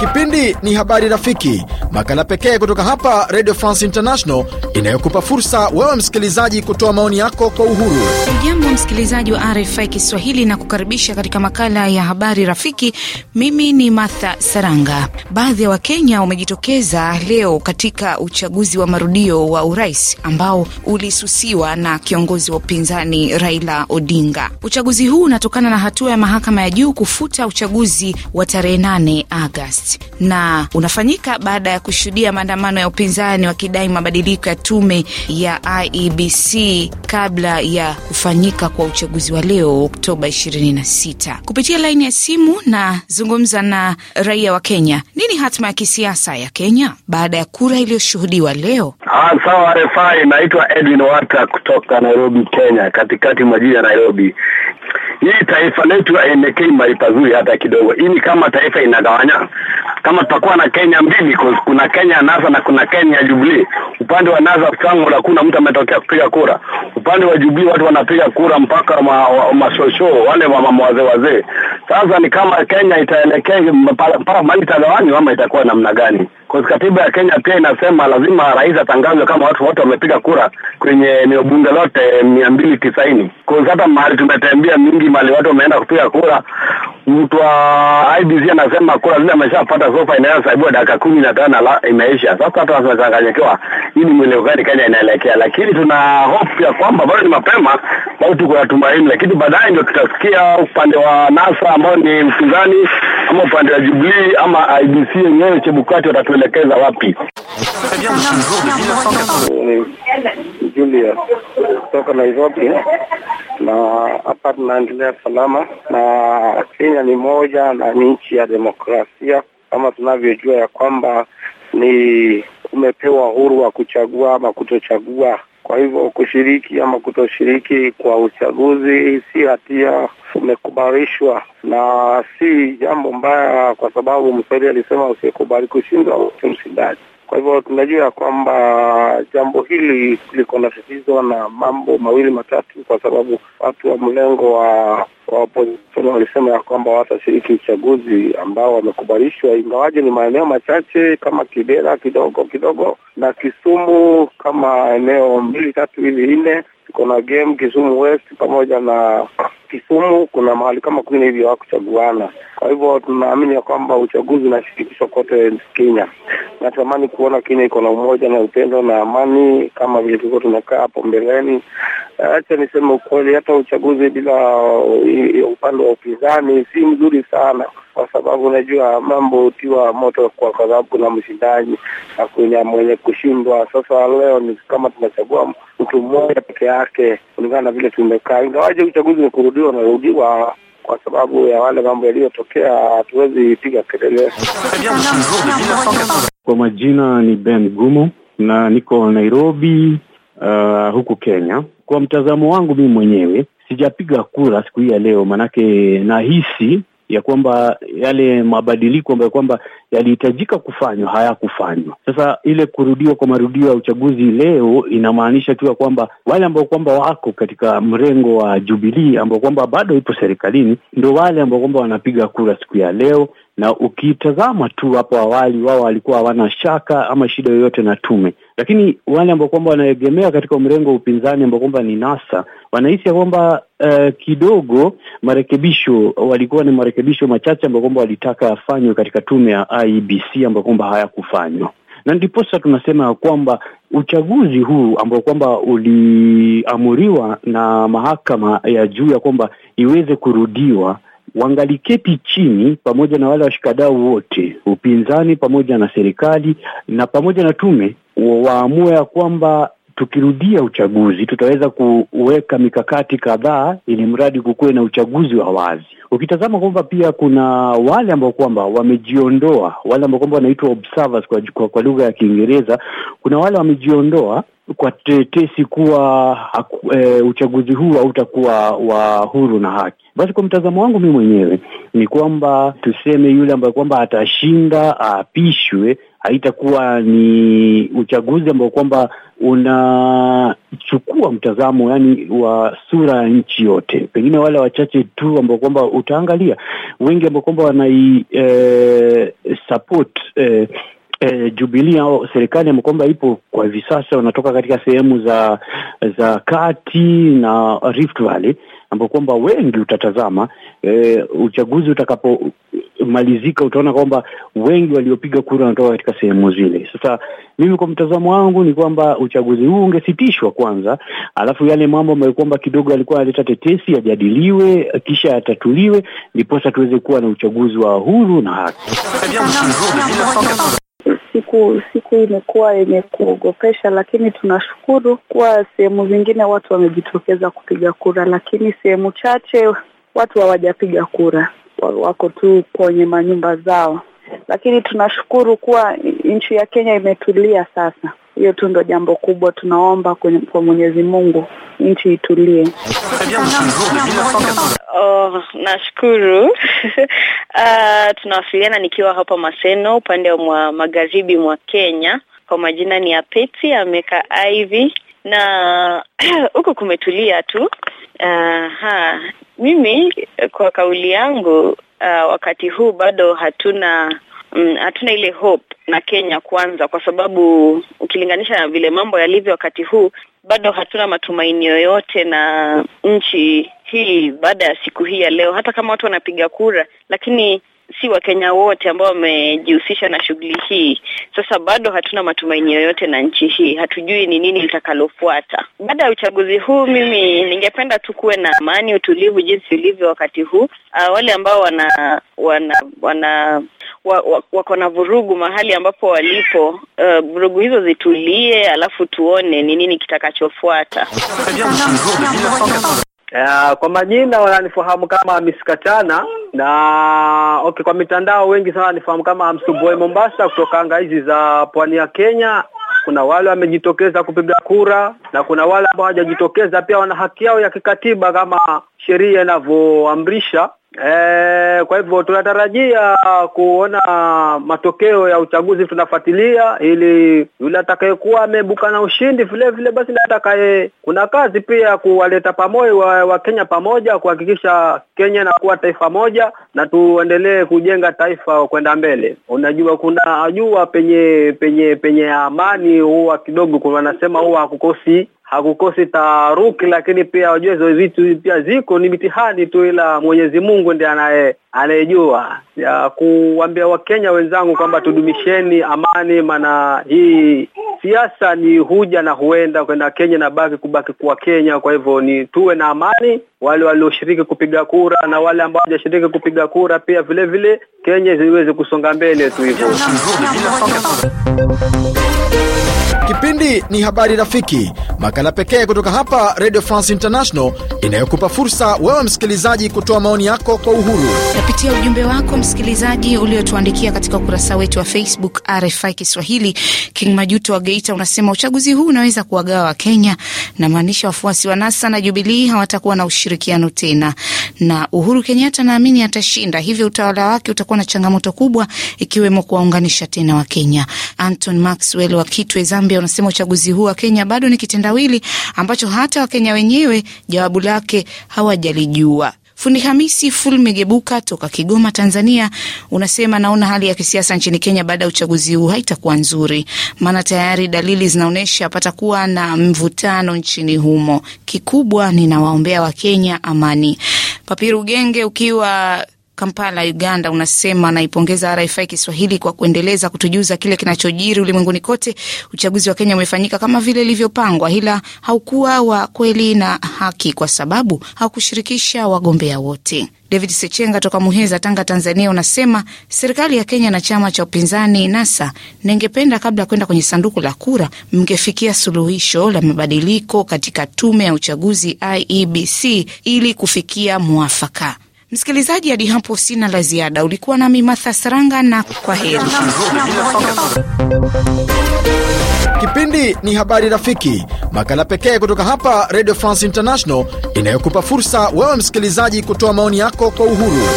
Kipindi ni Habari Rafiki, makala pekee kutoka hapa Radio France International inayokupa fursa wewe msikilizaji kutoa maoni yako kwa uhuru. ujambo msikilizaji wa RFI Kiswahili na kukaribisha katika makala ya Habari Rafiki. Mimi ni Martha Saranga. Baadhi ya Wakenya wamejitokeza leo katika uchaguzi wa marudio wa urais ambao ulisusiwa na kiongozi wa upinzani Raila Odinga. Uchaguzi huu unatokana na hatua ya mahakama ya juu kufuta uchaguzi wa tarehe 8 Agosti na unafanyika baada ya kushuhudia maandamano ya upinzani wakidai mabadiliko ya tume ya IEBC kabla ya kufanyika kwa uchaguzi wa leo Oktoba 26. Kupitia laini ya simu na zungumza na raia wa Kenya. Nini hatima ya kisiasa ya Kenya baada ya kura iliyoshuhudiwa leo? Ah, sawa RFI, naitwa Edwin Warta kutoka Nairobi, Kenya, katikati mwa jiji ya Nairobi. Hii taifa letu haimekei mahali pazuri hata kidogo. Hii ni kama taifa inagawanya, kama tutakuwa na Kenya mbili, kuna Kenya ya NASA na kuna Kenya ya Jubilee. Upande wa NASA tangu hakuna mtu ametokea kupiga kura, upande wa Jubilee watu wanapiga kura mpaka ma, ma, mashosho wale mama wazee wazee sasa ni kama Kenya itaelekea mpaka mali itagawanywa ama itakuwa namna gani? Kwa katiba ya Kenya pia inasema lazima rais atangazwe kama watu wote wamepiga kura kwenye eneo bunge lote eh, mia mbili tisaini. hata mahali tumetembea mingi, mahali watu wameenda kupiga kura, mtu wa IBC anasema kura zile ameshapata sofa inaweza saibiwa dakika kumi na tano imeisha. Sasa hata tunachanganyikiwa hii ni mwelekeo gani Kenya inaelekea, lakini tuna hofu ya kwamba bado ni mapema, bado tuko na tumaini, lakini baadaye ndio tutasikia upande wa NASA ambao ni mpinzani ama upande wa Jubilee ama IBC yenyewe Chebukati watatuelekeza wapi. Julius kutoka Nairobi na hapa tunaendelea salama, na Kenya ni moja na ni nchi ya demokrasia kama tunavyojua ya kwamba ni umepewa uhuru wa kuchagua ama kutochagua. Kwa hivyo kushiriki ama kutoshiriki kwa uchaguzi si hatia, umekubalishwa na si jambo mbaya, kwa sababu Mswahili alisema usiyekubali kushindwa si mshindaji. Kwa hivyo tunajua ya kwamba jambo hili liko tatizo na mambo mawili matatu, kwa sababu watu wa mlengo wa wapinzani walisema ya kwamba watashiriki uchaguzi ambao wamekubalishwa, ingawaje ni maeneo machache kama Kibera kidogo kidogo na Kisumu kama eneo mbili tatu hivi nne. Tuko na game Kisumu West pamoja na Kisumu, kuna mahali kama kumi hivyo hawakuchaguana. Kwa hivyo tunaamini ya kwamba uchaguzi unashirikishwa kote Kenya. Natamani kuona Kenya iko na umoja na upendo na amani kama vile tulikuwa tunakaa hapo mbeleni. Acha niseme ukweli, hata uchaguzi bila ya upande wa upinzani si mzuri sana, kwa sababu unajua mambo hutiwa moto kwa sababu kuna mshindani na kuna mwenye kushindwa. Sasa leo ni kama tunachagua mtu mmoja peke yake kulingana na vile tumekaa, ingawaje uchaguzi umekurudiwa unarudiwa kwa sababu ya wale mambo yaliyotokea, hatuwezi piga kelele. Kwa majina ni Ben Gumo na niko Nairobi uh, huku Kenya. Kwa mtazamo wangu mimi mwenyewe sijapiga kura siku hii ya leo, maanake nahisi ya kwamba yale mabadiliko ambayo kwamba yalihitajika kufanywa hayakufanywa. Sasa ile kurudiwa kwa marudio ya uchaguzi leo inamaanisha tu ya kwamba wale ambao kwamba wako katika mrengo wa Jubilii ambao kwamba bado ipo serikalini ndo wale ambao kwamba wanapiga kura siku ya leo, na ukitazama tu hapo awali, wao walikuwa hawana shaka ama shida yoyote na tume lakini wale ambao kwamba wanaegemea katika mrengo wa upinzani ambao kwamba ni NASA wanahisi ya kwamba uh, kidogo marekebisho walikuwa ni marekebisho machache ambao kwamba walitaka yafanywe katika tume ya IEBC ambao kwamba hayakufanywa na ndiposa tunasema ya kwamba uchaguzi huu ambao kwamba uliamuriwa na mahakama ya juu ya kwamba iweze kurudiwa wangaliketi chini pamoja na wale washikadau wote, upinzani pamoja na serikali na pamoja na tume waamue ya kwamba tukirudia uchaguzi tutaweza kuweka mikakati kadhaa ili mradi kukuwe na uchaguzi wa wazi. Ukitazama kwamba pia kuna wale ambao kwamba wamejiondoa, wale ambao kwamba wanaitwa observers kwa, kwa, kwa lugha ya Kiingereza. Kuna wale wamejiondoa kwa tetesi kuwa e, uchaguzi huu hautakuwa wa huru na haki. Basi kwa mtazamo wangu mii mwenyewe ni kwamba tuseme yule ambaye kwamba atashinda aapishwe haitakuwa ni uchaguzi ambao kwamba unachukua mtazamo yani wa sura ya nchi yote, pengine wale wachache tu ambao kwamba utaangalia, wengi ambao kwamba wanai eh, support eh, E, e jubilia au serikali ambayo kwamba ipo kwa hivi sasa wanatoka katika sehemu za za kati na Rift Valley, ambapo kwamba wengi utatazama e, uchaguzi utakapo malizika utaona kwamba wengi waliopiga kura wanatoka katika sehemu zile. Sasa mimi kwa mtazamo wangu ni kwamba uchaguzi huu ungesitishwa kwanza, alafu yale mambo ambayo kwamba kidogo alikuwa analeta tetesi yajadiliwe, kisha yatatuliwe, ndiposa tuweze kuwa na uchaguzi wa huru na haki. Siku siku imekuwa yenye kuogopesha, lakini tunashukuru kuwa sehemu zingine watu wamejitokeza kupiga kura, lakini sehemu chache watu hawajapiga kura wako tu kwenye manyumba zao, lakini tunashukuru kuwa nchi ya Kenya imetulia sasa. Hiyo tu ndo jambo kubwa, tunaomba kwa Mwenyezi Mungu nchi itulie. Oh, nashukuru uh, tunawasiliana nikiwa hapa Maseno upande wa magharibi mwa Kenya. Kwa majina ni Apeti ameka Ivy na huko kumetulia tu. Ah, ha, mimi kwa kauli yangu uh, wakati huu bado hatuna mm, hatuna ile hope na Kenya kwanza, kwa sababu ukilinganisha na vile mambo yalivyo wakati huu, bado hatuna matumaini yoyote na nchi hii baada ya siku hii ya leo, hata kama watu wanapiga kura, lakini si Wakenya wote ambao wamejihusisha na shughuli hii. Sasa bado hatuna matumaini yoyote na nchi hii, hatujui ni nini litakalofuata baada ya uchaguzi huu. Mimi ningependa tu kuwe na amani, utulivu jinsi ulivyo wakati huu. Uh, wale ambao wana wana wana wa, wa, wako na vurugu mahali ambapo walipo, uh, vurugu hizo zitulie, alafu tuone ni nini kitakachofuata. Uh, kwa majina wananifahamu kama Miskatana na okay, kwa mitandao wengi sana wanifahamu kama Msumbue Mombasa, kutoka anga hizi za pwani ya Kenya. Kuna wale wamejitokeza kupiga kura na kuna wale ambao hawajajitokeza, pia wana haki yao ya kikatiba kama sheria inavyoamrisha E, kwa hivyo tunatarajia kuona matokeo ya uchaguzi, tunafuatilia ili yule atakayekuwa amebuka na ushindi vile vile, basi na atakaye, kuna kazi pia kuwaleta pamoja wa, wa Kenya pamoja kuhakikisha Kenya inakuwa taifa moja na tuendelee kujenga taifa kwenda mbele. Unajua kuna ajua penye penye penye amani huwa kidogo, wanasema huwa hakukosi hakukosi taharuki, lakini pia wajua hizo vitu pia ziko ni mitihani tu, ila Mwenyezi Mungu ndiye anaye anayejua ya kuambia Wakenya wenzangu kwamba tudumisheni amani, maana hii siasa ni huja na huenda kwenda Kenya na baki kubaki kuwa Kenya. Kwa hivyo ni tuwe na amani, wale walioshiriki kupiga kura na wale ambao hawajashiriki kupiga kura pia vile vile, Kenya ziweze kusonga mbele tu hivyo. Kipindi ni Habari Rafiki, makala pekee kutoka hapa Radio France International inayokupa fursa wewe msikilizaji kutoa maoni yako kwa uhuru kupitia ujumbe wako msikilizaji uliotuandikia katika ukurasa wetu wa Facebook RFI Kiswahili. King Majuto wa Geita unasema uchaguzi huu unaweza kuwagawa wa Wakenya, namaanisha wafuasi wa NASA na Jubilii hawatakuwa na ushirikiano tena, na Uhuru Kenyatta naamini atashinda, hivyo utawala wake utakuwa na changamoto kubwa, ikiwemo kuwaunganisha tena wa Kenya. Anton Maxwell wa Kitwe, Zambia unasema uchaguzi huu wa Kenya bado ni kitendawili ambacho hata Wakenya wenyewe jawabu lake hawajalijua. Fundi Hamisi Megebuka toka Kigoma, Tanzania, unasema naona hali ya kisiasa nchini Kenya baada ya uchaguzi huu haitakuwa nzuri, maana tayari dalili zinaonyesha patakuwa na mvutano nchini humo. Kikubwa ninawaombea Wakenya amani. Papirugenge ukiwa Kampala, Uganda, unasema naipongeza RFI Kiswahili kwa kuendeleza kutujuza kile kinachojiri ulimwenguni kote. Uchaguzi wa Kenya umefanyika kama vile ilivyopangwa, ila haukuwa wa kweli na haki kwa sababu haukushirikisha wagombea wote. David Sechenga toka Muheza, Tanga, Tanzania, unasema serikali ya Kenya na chama cha upinzani NASA, ningependa kabla ya kwenda kwenye sanduku la kura, mngefikia suluhisho la mabadiliko katika tume ya uchaguzi IEBC ili kufikia mwafaka. Msikilizaji, hadi hapo sina la ziada. Ulikuwa nami Matha Saranga na kwa heri. Kipindi ni Habari Rafiki, makala pekee kutoka hapa Radio France International inayokupa fursa wewe msikilizaji kutoa maoni yako kwa uhuru.